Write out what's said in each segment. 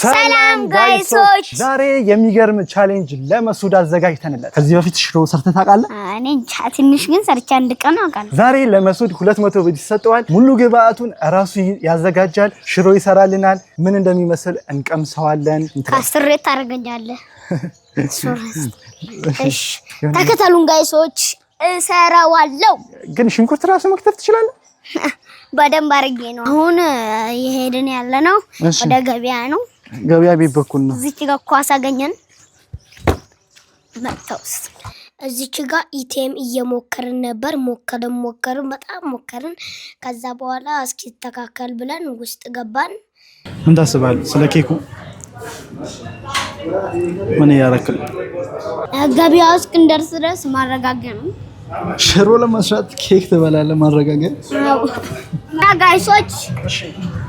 ሰላም ጋይሶች፣ ዛሬ የሚገርም ቻሌንጅ ለመሱድ አዘጋጅተንለት። ከዚህ በፊት ሽሮ ሰርተህ ታውቃለህ? እኔ ትንሽ ግን ሰርቼ አንድ ቀን አውቃለሁ። ዛሬ ለመሱድ ሁለት መቶ ብር ይሰጠዋል። ሙሉ ግብአቱን እራሱ ያዘጋጃል። ሽሮ ይሰራልናል። ምን እንደሚመስል እንቀምሰዋለን። ካስትሬት ታደርገኛለህ። ተከተሉን ጋይሶች፣ እሰራዋለሁ። ግን ሽንኩርት ራሱ መክተፍ ትችላለህ? በደንብ አድርጌ ነው። አሁን የሄድን ያለ ነው፣ ወደ ገበያ ነው ገበያ ቤት በኩል ነው። እዚች ጋር ኳስ አገኘን። መጥተውስ እዚች ጋር ኢቲኤም እየሞከርን ነበር። ሞከርን ሞከርን በጣም ሞከርን። ከዛ በኋላ እስኪተካከል ብለን ውስጥ ገባን። ምን ታስባለህ ስለ ኬኩ? ምን እያረክል ገበያ ውስጥ እንደርስ ድረስ ማረጋገጥ ነው። ሽሮ ለመስራት ኬክ ትበላለህ። ማረጋገጥ እና ጋይሶች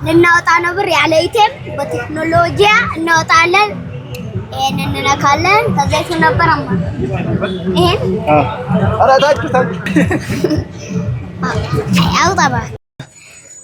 ልናወጣ ነው ብር ያለ ኢቴም በቴክኖሎጂ እናወጣለን። ይሄን እንነካለን። ከዛ ነበር አማ ይሄን አራታችሁ ታችሁ አውጣባ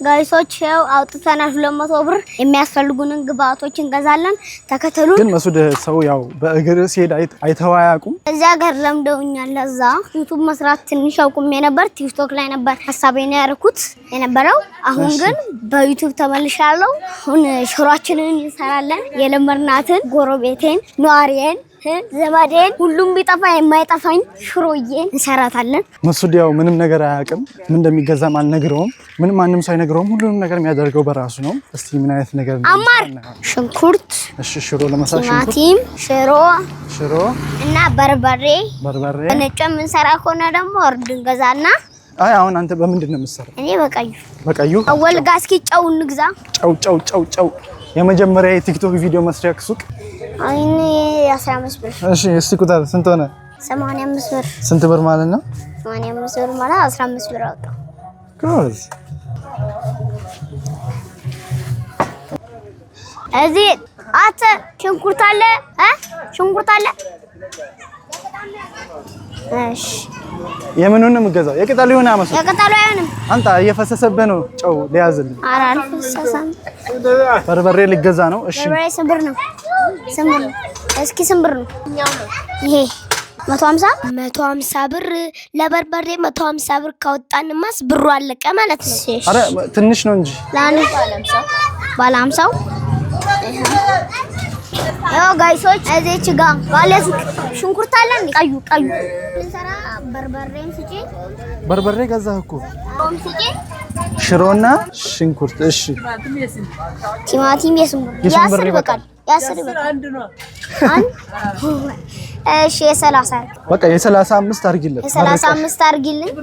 ጋይሶች ያው አውጥተናል። ሁለት መቶ ብር የሚያስፈልጉንን ግብአቶች እንገዛለን። ተከተሉ። ግን መሱድ ሰው ያው በእግር ሲሄድ አይተው አያውቁም። እዚያ ሀገር ለምደውኛል። ለዛ ዩቱብ መስራት ትንሽ አውቁም የነበር ቲክቶክ ላይ ነበር ሀሳቤን ያርኩት የነበረው። አሁን ግን በዩቱብ ተመልሻለሁ። አሁን ሽሯችንን እንሰራለን። የለመርናትን ጎረቤቴን ነዋሪዬን ዘመዴን ሁሉም ቢጠፋ የማይጠፋኝ ሽሮዬ እንሰራታለን። መሱድ ያው ምንም ነገር አያውቅም። ምን እንደሚገዛም አልነግረውም። ምንም ማንም ሰው አይነግረውም። ሁሉንም ነገር የሚያደርገው በራሱ ነው። እስቲ ምን አይነት ነገር አማር ሽንኩርት፣ እሺ፣ ሽሮ ለመስራት ቲማቲም፣ ሽሮ ሽሮ እና በርበሬ በርበሬ ነጭ የምንሰራ ከሆነ ደግሞ እርድ እንገዛና አይ አሁን አንተ በምንድን ነው የምትሰራው? እኔ በቀዩ በቀዩ አወል እስኪ ጨው እንግዛ። ጨው ጨው ጨው ጨው የመጀመሪያ የቲክቶክ ቪዲዮ መስሪያ ሱቅ አይኔ 15 ብር። እሺ እስቲ ቁጠር፣ ስንት ሆነ? 85 ብር። ስንት ብር ማለት ነው? 85 ብር ማለት 15 ብር አወጣሁ። ጎዝ እዚህ አተ ሽንኩርት አለ እ ሽንኩርት አለ እሺ። የምኑንም እገዛው የቅጠሉ ይሁን አመሰ የቅጠሉ አይሆንም። አንተ እየፈሰሰብህ ነው። ጨው ሊያዝልኝ ኧረ አልፈሰሰም። በርበሬ ሊገዛ ነው። እሺ በርበሬ ስንብር ነው። ስንብር ነው። እስኪ ስንብር ነው። ይሄ 150 150 ብር ለበርበሬ 150 ብር ካወጣንማስ ብሩ አለቀ ማለት ነው። ኧረ ትንሽ ነው እንጂ ባለ 50 ያው ጋይሶች እዚች ጋ ባለ ሽንኩርት አለን። ቀዩ ቀዩ በርበሬም ስጪኝ። በርበሬ ገዛህ እኮ ሽሮና ሽንኩርት። እሺ ቲማቲም የስንብር ይበቃል። እሺ የሰላሳ በቃ የሰላሳ አምስት አድርጊልን። የሰላሳ አምስት አድርጊልን።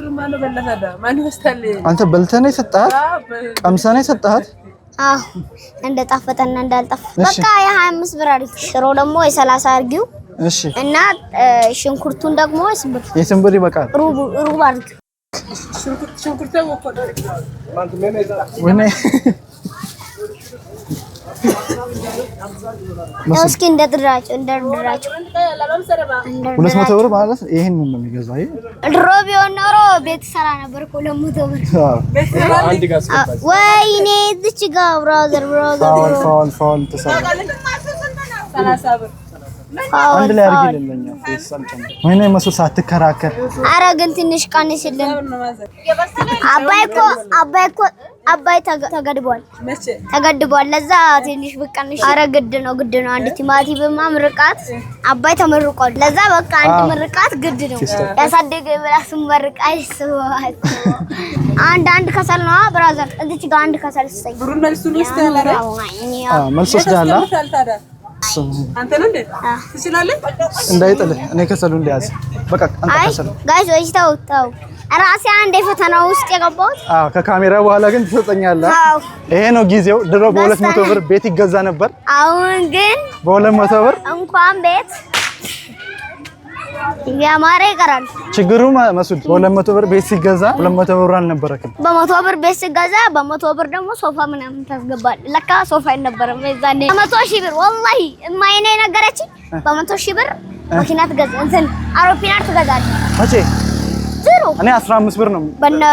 አንተ በልተህ ነው የሰጠሃት? ቀምሰህ ነው የሰጠሃት? አዎ እንደ ጣፈጠና በቃ የሀያ አምስት ብር ሽሮ ደግሞ የሰላሳ አድርጊው እሺ። እና ሽንኩርቱን ደግሞ ስንብር የስንብር ይበቃል። ሩብ ሩብ አድርግ። እስኪ እንደድራቸው እንደድራቸው ሁለት መቶ ብር ማለት ይሄን ነው የሚገዛው። አይ ድሮ ቢሆን ኖሮ ቤት ሰራ ነበር እኮ ሁለት መቶ ብር ወይኔ እዚች ጋር ብራዘር ብራዘር ፋውል ፋውል ፋውል ተሰራ አንድ ላይ አድርጊልኝ። ወይኔ መሱ ሳትከራከር። አረ ግን ትንሽ ቀንስልን። አባይ እኮ አባይ እኮ አባይ ተገድቧል ተገድቧል። ለዛ ትንሽ ብቀንሽ። አረ ግድ ነው ግድ ነው። አንድ ቲማቲምማ ምርቃት አባይ ተመርቋል። ለዛ በቃ አንድ ምርቃት ግድ ነው። ያሳደገ ብላስ ምርቃ ይስዋል። አንድ አንድ ከሰል ነው ብራዘር። እዚች ጋር አንድ ከሰል ስሰኝ ብሩን መልሱን ወስደሃል። አረ መልስ ወስደሃል። እንዳይጥልህ እኔ ከሰሉን ሊያዝ በቃ አንተ ከሰሉ ጋይስ ወይስ ተው ተው ራሴ አንዴ ፈተና ውስጥ የገባሁት። አዎ ከካሜራ በኋላ ግን ትሰጠኛለህ። ይሄ ነው ጊዜው። ድሮ በሁለት መቶ ብር ቤት ይገዛ ነበር። አሁን ግን በሁለት መቶ ብር እንኳን ቤት ያማረ ይቀራል። ችግሩ መሱድ በ200 ብር ቤት ሲገዛ 200 ብር አልነበረክም። በመቶ ብር ቤት ሲገዛ በመቶ ብር ደግሞ ሶፋ ምናምን ታስገባል። ለካ ሶፋ አይነበረም። በዛኔ በመቶ ሺህ ብር ወላሂ እማይኔ ነገረችኝ። በመቶ ሺህ ብር መኪና ትገዛ እንትን አውሮፕላን ትገዛለህ። መቼ ዜሮ እኔ 15 ብር ነው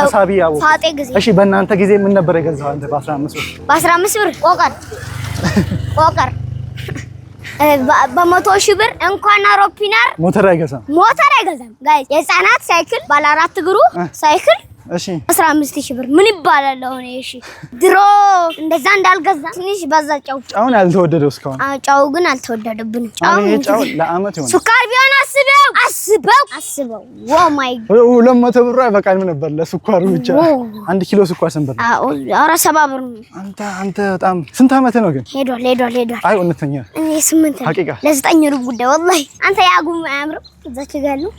ተሳቢ ያው ፋጤ ጊዜ። እሺ በእናንተ ጊዜ ምን ነበር የገዛው አንተ? በ15 ብር በ15 ብር ቆቀር ቆቀር በመቶ ሺህ ብር እንኳን አውሮፕላን ሞተር አይገዛም ሞተር አይገዛም። ጋይስ የህፃናት ሳይክል ባለ አራት እግሩ ሳይክል እሺ 15000 ብር ምን ይባላል አሁን? እሺ ድሮ እንደዛ እንዳልገዛ ትንሽ በዛ ጨው ጨውን ያልተወደደው እስካሁን። አዎ ጨው ግን አልተወደደብን። ጨው ጨው ለአመት ይሆናል። ሱካር ቢሆን አስበው አስበው አስበው። ኦ ማይ ጎድ 200 ብር አይበቃም ነበር ለሱካሩ ብቻ። oh! አንድ ኪሎ ሱካር ስንት ብር? አዎ ኧረ ሰባ ብር ነው። አንተ አንተ በጣም ስንት አመት ነው ግን? ሄዷል ሄዷል ሄዷል። አይ እውነተኛ እኔ ስምንት ለዘጠኝ ሩብ ጉዳይ ወላሂ አንተ ያጉም አያምርም እዛች ጋር ነው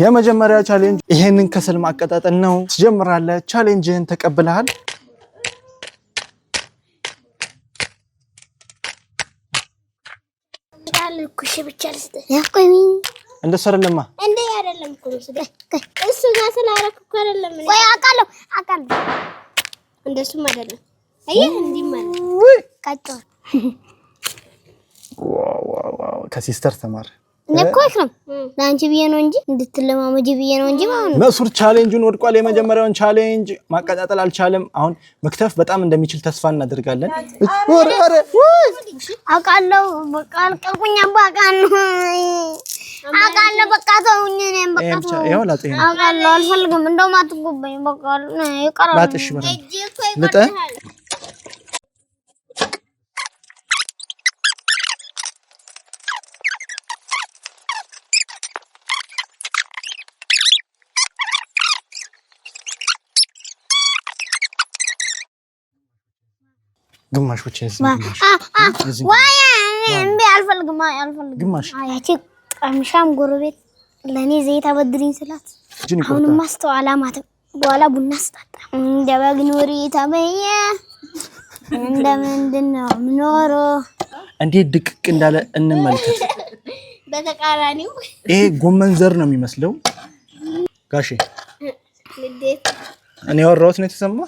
የመጀመሪያ ቻሌንጅ ይሄንን ከሰል ማቀጣጠል ነው። ትጀምራለህ። ቻሌንጅህን ተቀብለሃል። እንደሱ አይደለማ እሱ ጋር እኮ አይደለም። አውቃለሁ፣ አውቃለሁ። እንደሱም አይደለም። ከሲስተር ተማር እኮ አይክረም ለአንቺ ብዬ ነው እንጂ እንድትለማመጂ ብዬ ነው እንጂ ማለት ነው። መሱር ቻሌንጁን ወድቋል። የመጀመሪያውን ቻሌንጅ ማቀጣጠል አልቻለም። አሁን መክተፍ በጣም እንደሚችል ተስፋ እናደርጋለን። አውቃለሁ በቃ አልቀቁኝ። አባቃን አውቃለሁ በቃ ተውኝ። እኔም በቃ አውቃለሁ አልፈልግም። እንደውም አትጎበኝ በቃ ይቀራል። ላጥሽ ልጠ ግማሾች ቀምሻም ጎረቤት ለእኔ ዘይት አበድሪኝ ስላት አሁን ማስተው ማተም በኋላ ቡና ስጣጣ እንደ በግ ኑሪ ተመየ እንደ ምንድን ነው ምኖሮ እንዴት ድቅቅ እንዳለ እንመልከት። በተቃራኒው ይሄ ጎመን ዘር ነው የሚመስለው። ጋሼ እኔ ያወራሁት ነው የተሰማ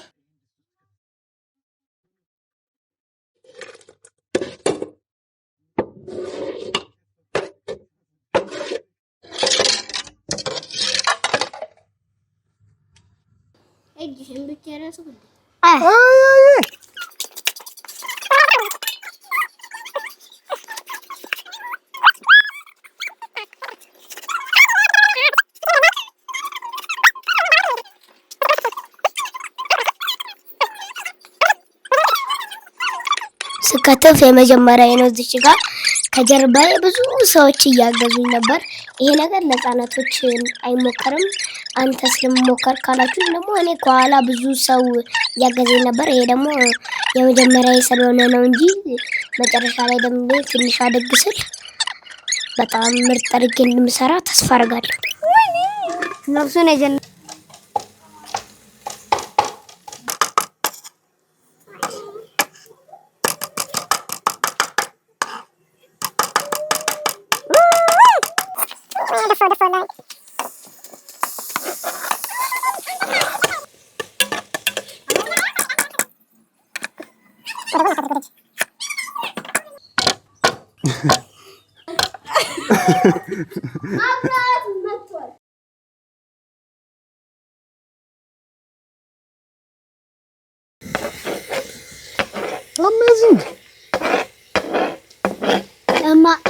ስከተፍ የመጀመሪያ ነው። እዚች ጋር ከጀርባ ብዙ ሰዎች እያገዙኝ ነበር። ይሄ ነገር ለህፃናቶች አይሞከርም። አንተ ስለምሞከር ካላችሁ ደግሞ እኔ ከኋላ ብዙ ሰው እያገዘኝ ነበር። ይሄ ደግሞ የመጀመሪያ ስለሆነ ነው እንጂ መጨረሻ ላይ ደግሞ ትንሽ አደግ ስል በጣም ምርጥ አድርጌ እንደምሰራ ተስፋ አድርጋለሁ። ነፍሱን የጀነ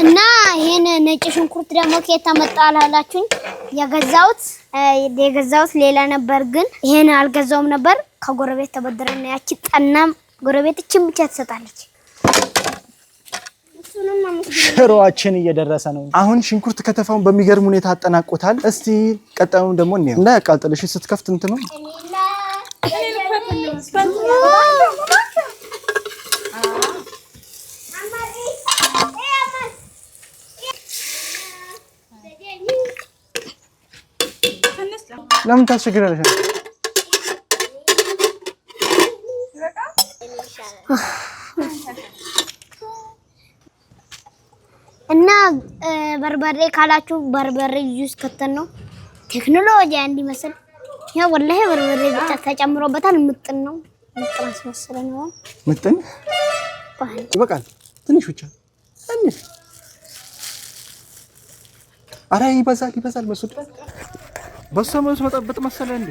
እና ይሄን ነጭ ሽንኩርት ደግሞ ከየት ተመጣ አላላችሁኝ? የገዛሁት የገዛሁት ሌላ ነበር፣ ግን ይሄን አልገዛውም ነበር። ከጎረቤት ተበደረና ያቺ ጠናም ጎረቤት እችን ብቻ ትሰጣለች። ሽሮአችን እየደረሰ ነው። አሁን ሽንኩርት ከተፋውን በሚገርም ሁኔታ አጠናቆታል። እስቲ ቀጣዩን ደግሞ እኔ እንዳያቃጥልሽ ስትከፍት እንትን ነው ለምን ታስቸግራለሽ? በርበሬ ካላችሁ በርበሬ ጁስ ከተን ነው ቴክኖሎጂ እንዲመስል ያ ወላሂ በርበሬ ብቻ ተጨምሮበታል። ምጥን ነው ምጥን አስመስለን ነው ምጥን ይበቃል። ትንሽ ብቻ ትንሽ አረ ይበዛል ይበዛል። መስድ በሷ መልስ መጠበጥ መሰለ እንዴ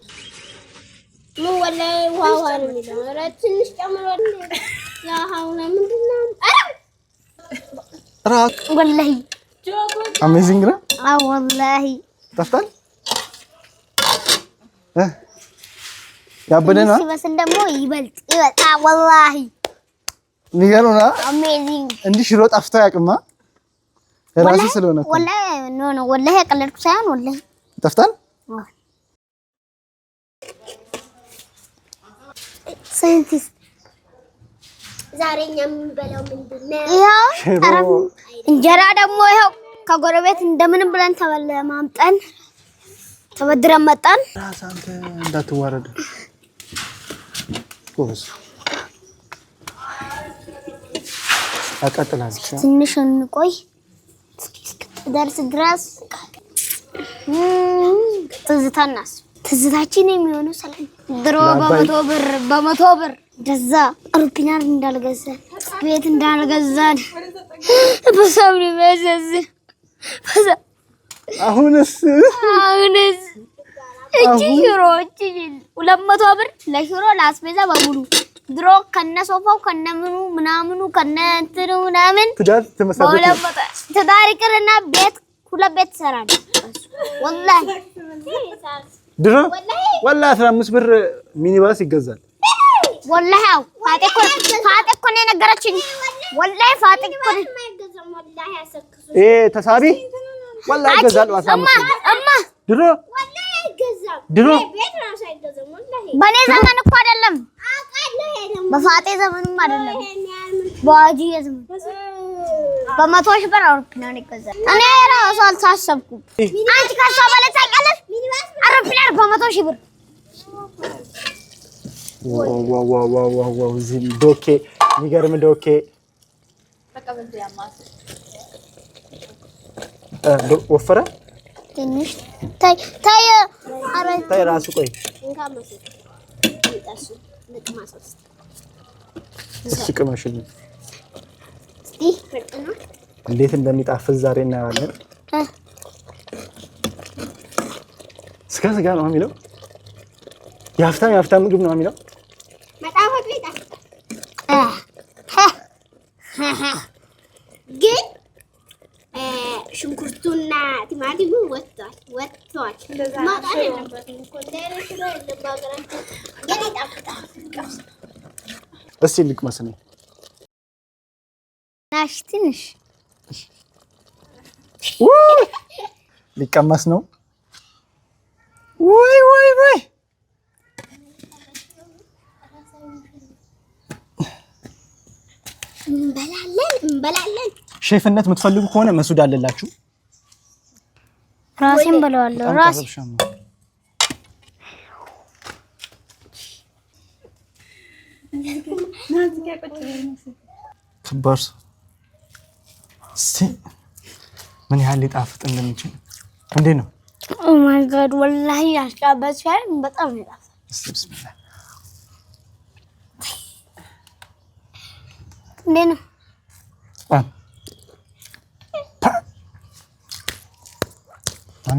ምን ወላሂ ውሃ ውሃ ነው የሚለው። ኧረ ትንሽ ጨምሮ ወላሂ አሜዚንግ ነው። አዎ ወላሂ ጠፍታል። ያበደ ነው ሲበስል ደግሞ ይበልጥ ይበጣል። ወላሂ የሚገርም አሜዚንግ እንዲህ ሽሮ ጠፍቶ ያቅማ ራሱ ስለሆነ ወላሂ ኖ ኖ ወላሂ ያቀለድኩ ሳይሆን ወላሂ ጠፍታል። ሳይንቲስት ዛሬ እኛ የምንበላው ምንድን ነው? እንጀራ ደግሞ ይኸው ከጎረቤት እንደምን ብለን ተለማምጠን ተበድረን መጣን። እንዳትዋረድ ትንሽ እንቆይ እስኪ እስክትደርስ ድረስ ትዝታ እናስብ። ትዝታችን የሚሆነው ስለ ድሮ በመቶ ብር በመቶ ብር እንደዛ አውሮፕላን እንዳልገዛን ቤት እንዳልገዛን በሰው ሊበዘዝ አሁንስ አሁንስ እቺ ሽሮ እቺ ሁለት መቶ ብር ለሽሮ ለአስቤዛ በሙሉ ድሮ ከነ ሶፋው ከነ ምኑ ምናምኑ ከነ እንትኑ ምናምን ትዳር ትመሰረት ትዳር ይቅርና ቤት ሁለት ቤት ሰራል ወላሂ ድሮ ወላሂ አስራ አምስት ብር ሚኒባስ ይገዛል። ወላሂ አዎ፣ ፋጤ እኮ ነው የነገረችኝ። ወላሂ ፋጤ እኮ ነው እ ተሳቢ ወላሂ ይገዛል። ድሮ ድሮ በእኔ ዘመን እኮ አይደለም፣ በፋጤ ዘመንም አይደለም፣ በዋጂ ዘመን በመቶ ሺህ ብር አውሮፕላን ይገዛል። እኔ እራሱ አልታሰብኩም። አንቺ ከእሷ በላይ ታውቂያለሽ ፒላር በመቶ ሺህ ብር ዶኬ የሚገርም ዶኬ ወፈረ ታይ ራሱ ቆይ ቅመሽኝ እንዴት እንደሚጣፍዝ ዛሬ እናየዋለን። ስጋ ስጋ ነው የሚለው። የሀፍታም የሀፍታም ምግብ ነው የሚለው። ግን ሽንኩርቱና ቲማቲሙ ወጥቷል ወጥቷል። እስኪ ልቅ መስሎኝ ትንሽ ሊቀመስ ነው። ወይ ወይ ወይ እንበላለን እንበላለን። ሼፍነት የምትፈልጉ ከሆነ መሱድ አለላችሁ። ራሴን በለዋለሁ ራሴ ከባድ ምን ያህል ሊጣፍጥ እንደሚችል እንዴ ነው ኦ ማይ ጋድ ወላሂ ያስጫበት ሲያል በጣም ይላል።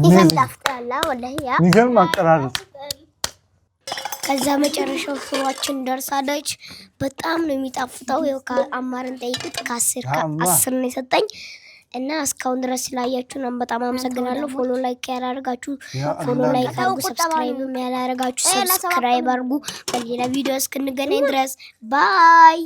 እንዴት ይገርም አቀራረብ። ከዛ መጨረሻው ሽሯችን ደርሳለች። በጣም ነው የሚጣፍጠው። አማርን ጠይቁት። ከአስር ከአስር ነው የሰጠኝ። እና እስካሁን ድረስ ስላያችሁ ነው በጣም አመሰግናለሁ። ፎሎ ላይክ ያላረጋችሁ ፎሎ ላይክ አድርጉ፣ ሰብስክራይብ ያላደርጋችሁ ሰብስክራይብ አድርጉ። በሌላ ቪዲዮ እስክንገናኝ ድረስ ባይ